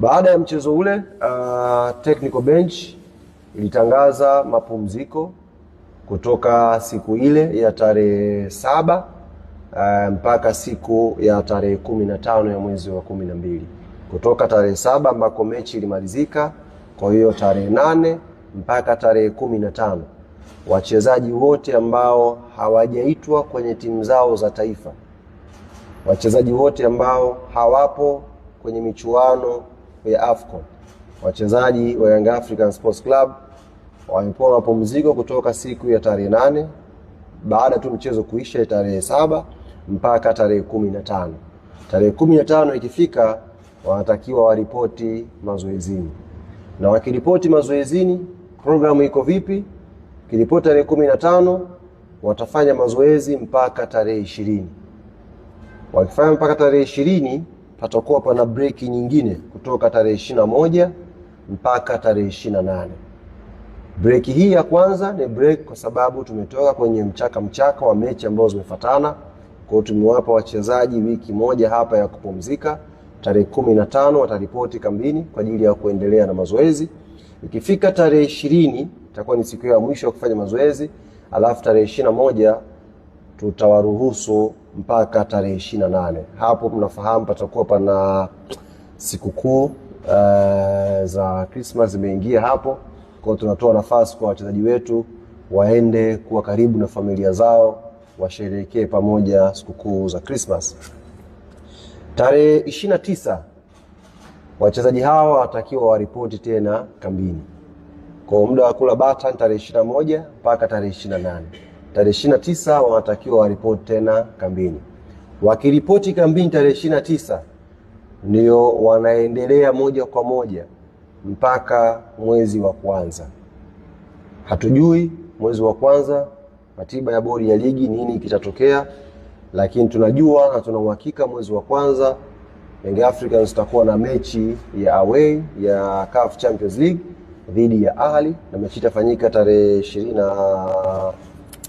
Baada ya mchezo ule uh, technical bench ilitangaza mapumziko kutoka siku ile ya tarehe saba uh, mpaka siku ya tarehe kumi na tano ya mwezi wa kumi na mbili kutoka tarehe saba ambako mechi ilimalizika. Kwa hiyo tarehe nane mpaka tarehe kumi na tano wachezaji wote ambao hawajaitwa kwenye timu zao za taifa, wachezaji wote ambao hawapo kwenye michuano ya AFCON. Wachezaji wa Young African Sports Club wamepewa mapumziko kutoka siku ya tarehe nane baada tu mchezo kuisha tarehe saba mpaka tarehe kumi na tano. Tarehe kumi na tano ikifika, wanatakiwa waripoti mazoezini, na wakiripoti mazoezini, programu iko vipi? Kiripoti tarehe kumi na tano watafanya mazoezi mpaka tarehe ishirini. Wakifanya mpaka tarehe ishirini patakuwa pana breki nyingine kutoka tarehe ishirini na moja mpaka tarehe ishirini na nane. Breki hii ya kwanza ni break kwa sababu tumetoka kwenye mchaka mchaka wa mechi ambazo zimefatana. Kwa hiyo tumewapa wachezaji wiki moja hapa ya kupumzika. Tarehe kumi na tano wataripoti kambini kwa ajili ya kuendelea na mazoezi. Ikifika tarehe ishirini itakuwa ni siku ya mwisho ya kufanya mazoezi, alafu tarehe ishirini na moja tutawaruhusu mpaka tarehe ishirini na nane. Hapo mnafahamu patakuwa pana sikukuu uh, za krismas zimeingia hapo kwao, tunatoa nafasi kwa wachezaji wetu waende kuwa karibu na familia zao, washerekee pamoja sikukuu za krismas Tarehe ishirini na tisa wachezaji hawa watakiwa waripoti tena kambini kwa muda wa kula bata tarehe ishiri na moja mpaka tarehe ishirina na nane tarehe 29 wanatakiwa waripoti tena kambini. Wakiripoti kambini tarehe 29 ndio wanaendelea moja kwa moja mpaka mwezi wa kwanza. Hatujui mwezi wa kwanza ratiba ya bodi ya ligi nini kitatokea, lakini tunajua na tuna uhakika mwezi wa kwanza Young Africans tutakuwa na mechi ya away ya CAF Champions League dhidi ya Ahli na mechi itafanyika tarehe ishirini na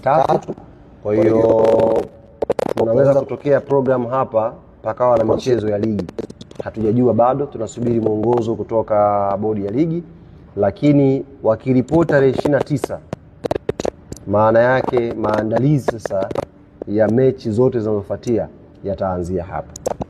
tatu. Kwa hiyo tunaweza kutokea program hapa pakawa na michezo ya ligi, hatujajua bado, tunasubiri mwongozo kutoka bodi ya ligi, lakini wakiripoti tarehe ishirini tisa maana yake maandalizi sasa ya mechi zote zinazofuatia yataanzia hapa.